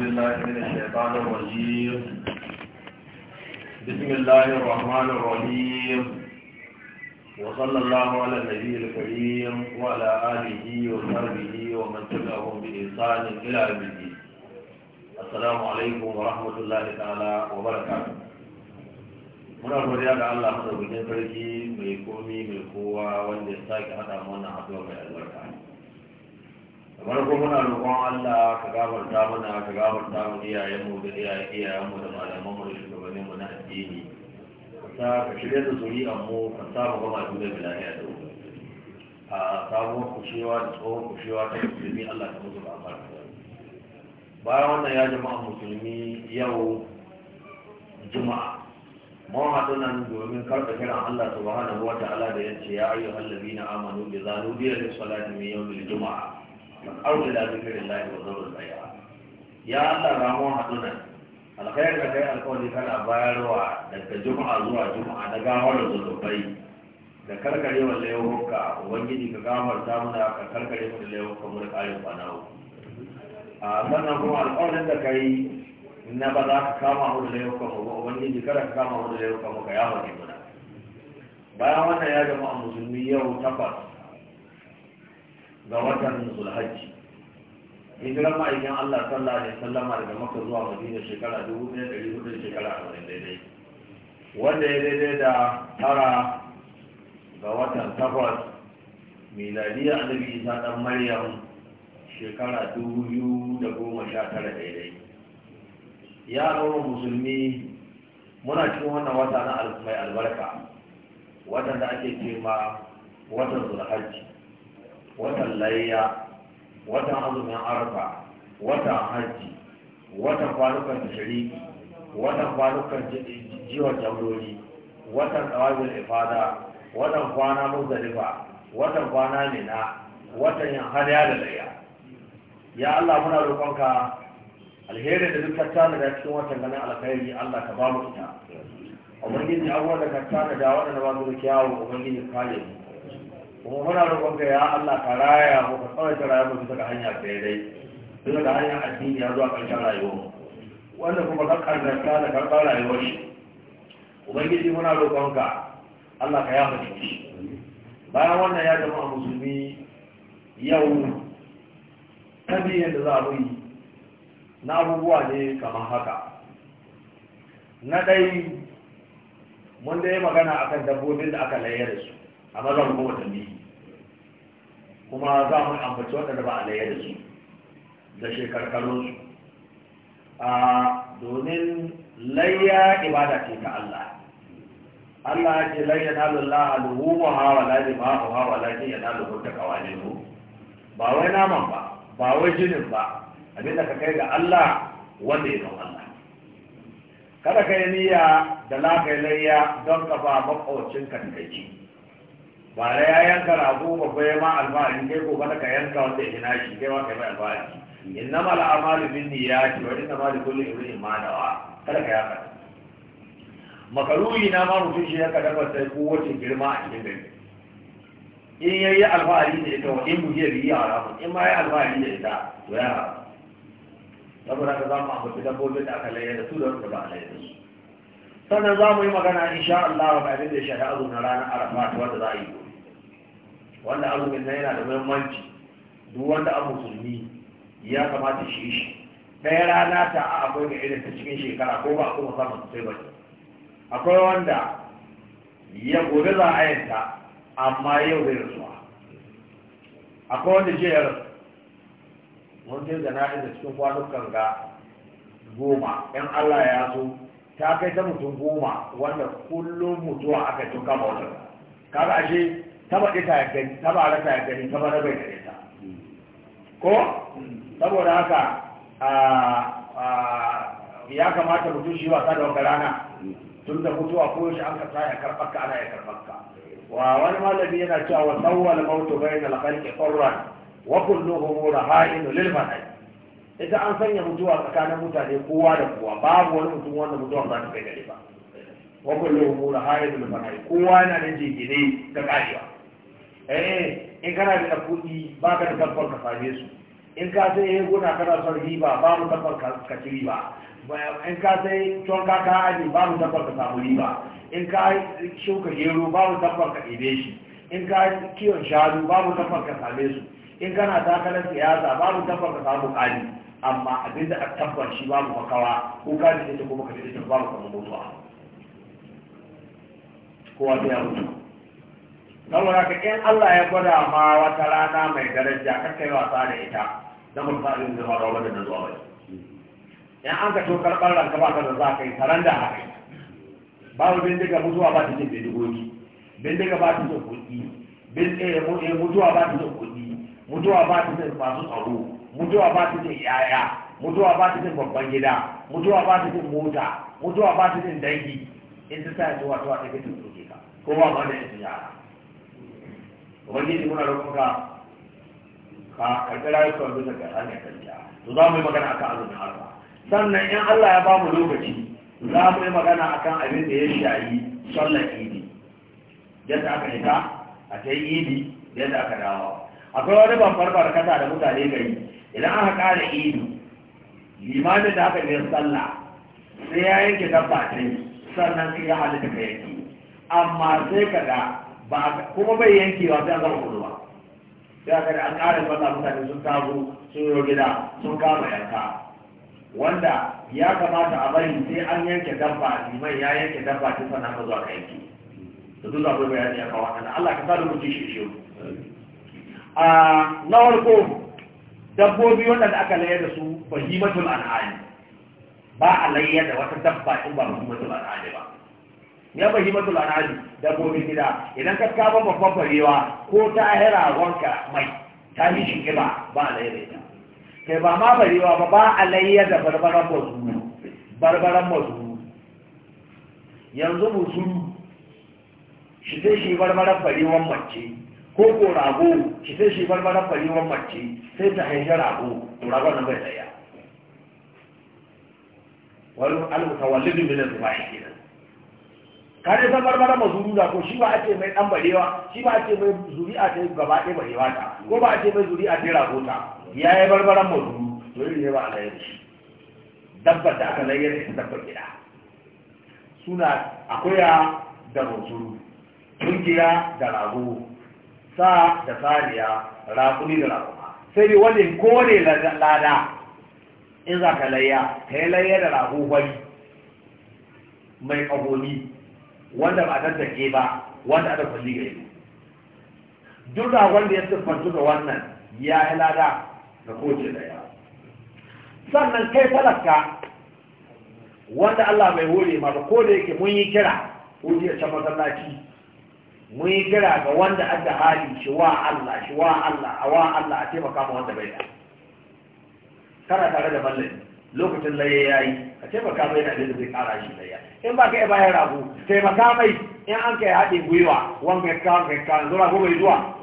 بالله من الشيطان الرجيم بسم الله الرحمن الرحيم وصلى الله على النبي الكريم وعلى آله وصحبه ومن تبعهم بإحسان إلى يوم الدين السلام عليكم ورحمة الله تعالى وبركاته muna godiya ga Allah madaukakin sarki mai komi mai kowa wanda ya sake haɗa mana haɗuwa mai albarka farko muna roƙon Allah ka gafarta mana ka gafarta mu iyayenmu da iyayenmu da malaman mu da shugabannin mu na addini ka sa ka shirya da zuriyar mu ka sa mu gama duk da bilahiya da wuri a sabuwar kushewa da tsohon kushewa ta musulmi Allah ta musu ba bayan wannan ya jama'a musulmi yau juma'a mun haɗu nan domin karɓa kiran Allah subhanahu wa ta'ala da ya ya ayyuhal ladina amanu bi zanubiya salati min yawmil juma'a au ila zikrillahi wa zawul bai'a ya Allah ramo haduna alkhair da kai alkawari kana bayarwa daga juma'a zuwa juma'a na gawar da karkare wa laihuka ubangiji ka gawar ta muna ka karkare mu da laihuka mu da kayan kwana a sannan kuma alkawarin da kai na ba za ka kama mu da laihuka mu ba ubangiji kada ka kama mu da ka bayan wannan ya jama'a musulmi yau takwas ga watan zulhajji hijiran ma'aikin Allah sallah ne sallama daga Makka zuwa Madina shekara dubu 1400 shekara 40 daidai wanda ya daidai da tara ga watan takwas miladiyya annabi Isa dan Maryam shekara dubu biyu da goma sha tara daidai ya aure musulmi muna cikin wannan wata na mai albarka watan da ake ce ma watan zulhajji watan layya watan azumin arfa watan hajji watan kwanukan tashiriki watan kwanukan jiwon jamloli watan tsawabin ifada watan kwana muzdalifa watan kwana nina, watan yin hariya da layya ya Allah muna roƙonka alheri da duk tattana da cikin watan ganin alkhairi Allah ka ba mu ita ubangiji abubuwan da ka tana da waɗanda ba su da kyawu ubangiji kare mu kuma muna roƙonka ya Allah ka raya mu ka tsawai ta rayuwa bisa ga hanya dai bisa ga hanya addini ya zuwa ƙarshen rayuwa wanda kuma ka ƙarnarta da karɓar rayuwar shi ubangiji muna roƙonka Allah ka yafa jiki bayan wannan ya zama musulmi yau tabiyyar da za mu yi na abubuwa ne kamar haka na ɗai mun da yi magana a kan dabbobin da aka layar da su a mazan kuma tambayi kuma za mu ambaci waɗanda ba a layar da su da su a domin layya ibada ce ta Allah Allah ya ce layya na lullah alhu wa hawa lafi ma hawa hawa lafi ya na lulhu ta ba wai naman ba ba wai jinin ba abin da ka kai ga Allah wanda ya Allah kada ka yi niyya da lafi layya don kafa makwacin ka ba da ya yanka rago babba ya ma alfahari kai ko bana ka yanka wanda ya na shi kai ma ka mai alfahari innama al'amalu bin niyyati wa innama li kulli imrin ma nawa kada ka yaka makaruhi na ma mutum shi ka dafa sai ko wace girma a cikin gari in ya yi alfahari da ita wa in muje bi ya haramun in ma yi alfahari da ita to ya haramun saboda ka zamu ambaci dabbobin da aka layyana su da wanda ba a layyana su sannan za mu yi magana insha Allah ga abin da ya shafi azumin ranar arafa wanda za a yi wanda azumin nan yana da muhimmanci duk wanda abu musulmi ya kamata shi shi ɗaya rana ta a akwai ga irin ta cikin shekara ko ba a kuma samun sai ba akwai wanda ya gobe za a yanta amma yau zai rasuwa akwai wanda je ya rasu mun sai da na'in cikin kwanukan ga goma yan allah ya so ta kai ta mutum goma wanda kullum mutuwa aka tun kama wata kaga ashe taba ɗita ya gani taba rasa ya gani taba rabai da ita ko saboda haka ya kamata mutum shi wasa da wata rana tun da mutuwa ko yaushe an karɓa ya karɓa ka ana ya karɓa ka wa wani malami yana cewa wa sawwal mautu bayna al-khalqi qurran wa kulluhum raha'in lil fana'i ita an sanya mutuwa tsakanin mutane kowa da kowa babu wani mutum wanda mutuwa ba ta kai gare ba wa kulluhum raha'in lil fana'i kowa yana da jigine ga karewa eh in kana da kuɗi ba ka da tabbar ka same su in ka sai ya eh, gona kana son riba ba mu tabbar ka ci riba in ka sai ton ka ka aji ba mu tabbar ka samu riba in ka shuka gero ba mu tabbar ka ɗebe shi in ka kiwon shanu ba mu tabbar ka same su in kana takalar siyasa ba mu tabbar ka samu ƙari amma abin da a tabbar shi ba mu makawa ko ka ji ita kuma ka ji ita ba mu kama mutuwa kowa ta ya mutu saboda ka in Allah ya gwada ma wata rana mai daraja kan kai wasa da ita da mun fara yin zama rawar da zuwa bai in an ka to karɓar ranka ba ka da za ka yi taran da haka babu bindiga mutuwa ba ta jin bindigogi bindiga ba ta jin kuɗi eh, eh, mutuwa ba ta jin kuɗi mutuwa ba ta jin masu tsaro mutuwa ba ta jin yaya mutuwa ba ta jin babban gida mutuwa ba ta jin mota mutuwa ba ta jin dangi in ta sa ya zuwa wato a take tun ka ko ba ma da yara ubangiji muna roƙonka ka karɓi rayuwar bisa ga hanyar kariya to za mu yi magana akan azumin arfa sannan in Allah ya ba mu lokaci za mu yi magana akan abin da ya shayi sallar idi yadda aka shiga a ta idi yadda aka dawo akwai wani bambar barkata da mutane gari idan aka ƙara idi limamin da aka biyar sallah sai ya yanke dabba ce sannan sai ya halitta ka yanki amma sai ka ga ba kuma bai ba sai an gama kudu sai aka da an ƙara fata mutane sun taru sun yi gida sun kama yanka wanda ya kamata a bari sai an yanke dabba liman ya yanke dabba ta sannan ka zuwa ka yanke da duk bai yanki a kawo haka Allah ka sa duk shi shi a na farko dabbobi wanda aka layar da su fahimatul al'ani ba a layar da wata dabba in ba fahimatul al'ani ba ya bahimatul da gobe gida idan ka kama babban barewa ko ta hera wanka mai ta yi shi ba ba layar ita kai ba ma barewa ba ba layar da barbaran mazuru barbaran mazuru yanzu musulun shi sai shi barbaran barewan mace ko ko rago shi sai shi barbaran barewan mace sai ta haifi rago to ragon nan bai tsaya wani almutawallidin bilin al shi kenan kare san marmara mazuru da ko shi ba ake mai dan barewa shi ba ake mai zuri'a ta gaba ɗaya barewa ta ko ba ake mai zuri'a ta rago ta yayi marmaran mazuru to irin ne ba Allah ya shi dabbar da aka layyar da dabbar gida suna akwaiya da mazuru tungiya da rago sa da sariya raƙuni da rago sai dai wani kore lada in za ka layya ka yi layya da rago gwani mai ƙagoni wanda ba tattake ba wanda aka ga gare duk da wanda ya siffantu da wannan ya yi lada da kowace daya sannan kai talaka wanda Allah bai hore ma ba ko da yake mun yi kira ko jiya can masallaci mun yi kira ga wanda da hali shi wa Allah shi wa Allah a wa Allah a taimaka ma wanda bai da kana tare da mallami lokacin laye ya yi a taimaka mai na da zai kara shi laye in ba ka yi bayan rago taimaka mai in an kai haɗe gwiwa wanka ya kawo wanka ya kawo zura zuwa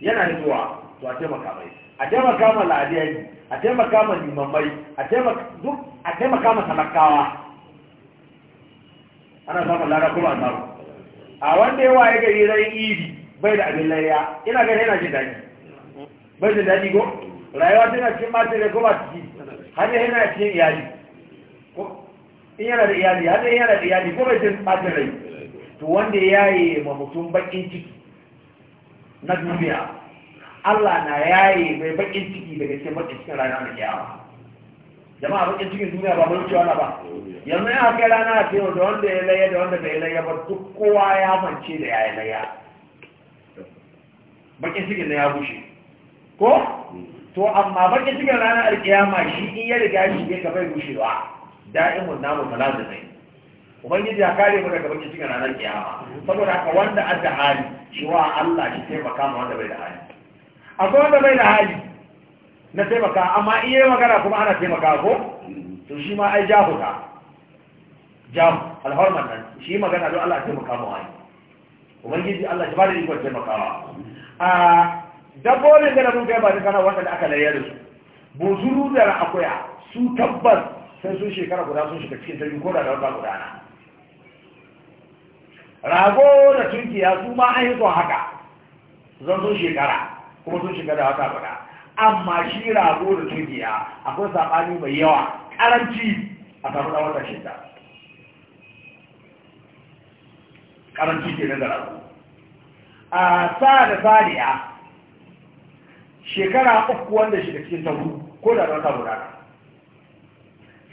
yana zuwa to a taimaka mai a taimaka ma ladiyani a taimaka ma limammai a taimaka ma talakawa ana samun lada kuma a samu a wanda yawa ya gari ran iri bai da abin laye ina ganin yana jin daɗi bai da daɗi go rayuwa tana cikin mata da kuma ciki hanyar yana cikin iyali in yana da iyali hanyar yana da iyali ko bai cikin mata rai to wanda ya yi ma mutum bakin ciki na duniya Allah na ya yi mai bakin ciki daga cikin bakin cikin rana mai yawa jama'a bakin cikin duniya ba mai wucewa na ba yanzu ya haka rana a cewa da wanda ya laye da wanda bai laye ba duk kowa ya mance da ya yi laye bakin cikin na ya bushe ko to amma bakin cikin ranar alkiyama shi in ya riga shi ne ka bai gushewa da'imun namu talazimai ubangiji ya kare mu daga bakin cikin ranar kiyama saboda haka wanda an da hali shi wa Allah shi taimaka ma wanda bai da hali akwai wanda bai da hali na taimaka amma in yi magana kuma ana taimaka ko to shi ma ai jahuta, jam jahu alhorman nan shi magana don Allah taimaka ma wani ubangiji Allah shi ba da ikon taimakawa a ah, dabbobin da na sun kai ba duka kana wanda aka layar da su buzuru da akuya su tabbas sai sun shekara guda sun shiga cikin tarihi ko da wata gudana rago da tunkiya su ma an yi son haka zan sun shekara kuma sun shiga da wata guda amma shi rago da tunkiya akwai saɓani mai yawa ƙaranci a samu ɗan wata shida ƙaranci ke nan da rago a sa da saniya shekara uku wanda shiga cikin sauru ko da za ta gudana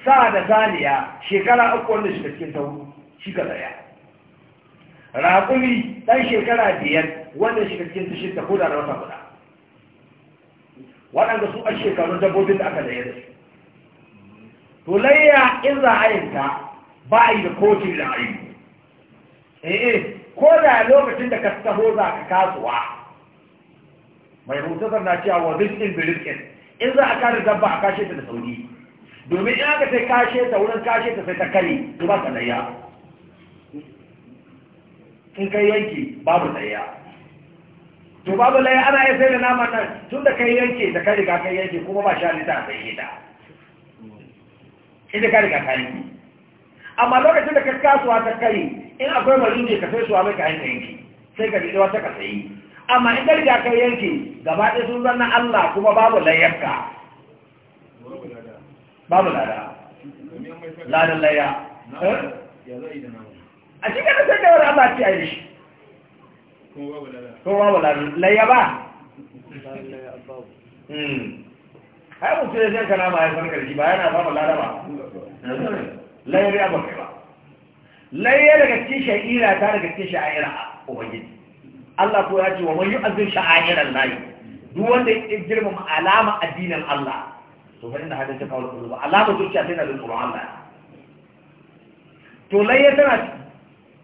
sa da zaniya shekara uku wanda shiga cikin sauru shi ka tsaya raƙumi ɗan shekara biyar wanda shiga cikin tashinta ko da wata guda waɗanda su a shekarun dabbobin da aka da su. to layya in za a ta ba a yi da kotu da a yi eh ko da lokacin da ka taho za ka kasuwa mai rutasar na cewa wa rizkin bi rizkin in za a kare dabba a kashe ta da sauki domin in aka sai kashe ta wurin kashe ta sai ta kare to ba daya in kai yanki babu daya to babu laye ana iya sai da nama nan tun da kai yanke da kai riga kai yanke kuma ba sha lita a sai ta inda kai riga kai amma lokacin da ka kasuwa ta kare in akwai marin ne ka sai suwa mai ka yanki, sai ka da wata ka sayi amma in ka riga kai yanki gaba ɗaya sun zanna Allah kuma babu layyarka babu lada ladan Laya. Eh? a cikin da sai da wani Allah ci a yi shi kuma babu lada laya ba hai hmm. mutu ya sai kana ma ya san karshi ba yana babu lada ba layyar ya ba kai ba Laye daga cikin sha'ira ta daga cikin sha'ira ubangiji Allah ko ya ce wa man yu'azzim sha'airan lahi duk wanda ya girmama alama addinin Allah to fa inna hadaka qawl qulub alama zuciya tana da tsoron Allah to layya tana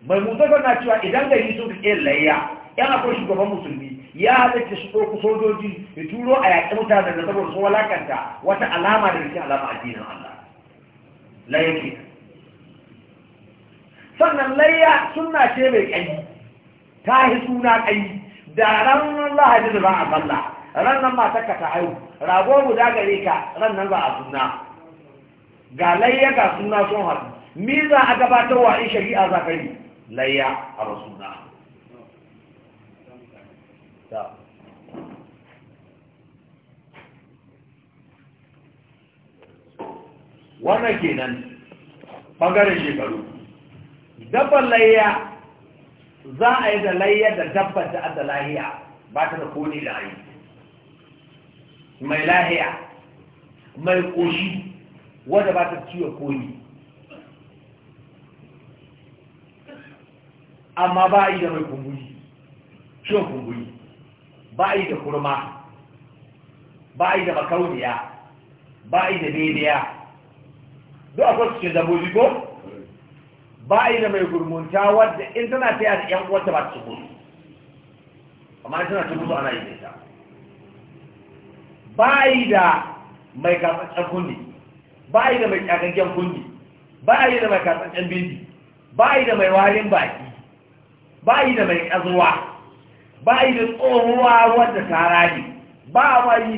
mai mutaka na cewa idan gari sun kake layya yan akwai shugaban musulmi ya haɗa shi ko sojoji ya turo a yaƙi mutane da saboda sun walakanta wata alama da cikin alama addinin Allah layya ke sannan layya sunna ce mai ƙanyi ta yi suna ƙai. da ranar lahadi da ba a falla ran nan matarka ta haihu rago guda gare ka ran ba a suna ga layya ga suna sun haɗu me za a gabatarwa in shari'a za ka yi layya a suna. wannan kenan ɓangaren shekaru dabban layya za a yi da layyar da a da lahiya ba ta da kone da ayi mai lahiya mai koshi wadda ba ta ciwo kone amma ba a yi da mai kumburi ciwon kumburi ba a yi da kurma ba a yi da makauniya ba a yi da daidaya don akwai cikin dabobi ko ba yi da mai gurmunta wadda in tana taya da ‘yan uwarta ba su ci gudu amma in tana ci gudu ana yi da ita ba yi da mai katsaccen kundi ba yi da mai kyakaggen kundi ba yi da mai katsaccen bindi ba yi da mai warin baki ba yi da mai kazuwa ba yi da tsohuwa wadda tara ne ba yi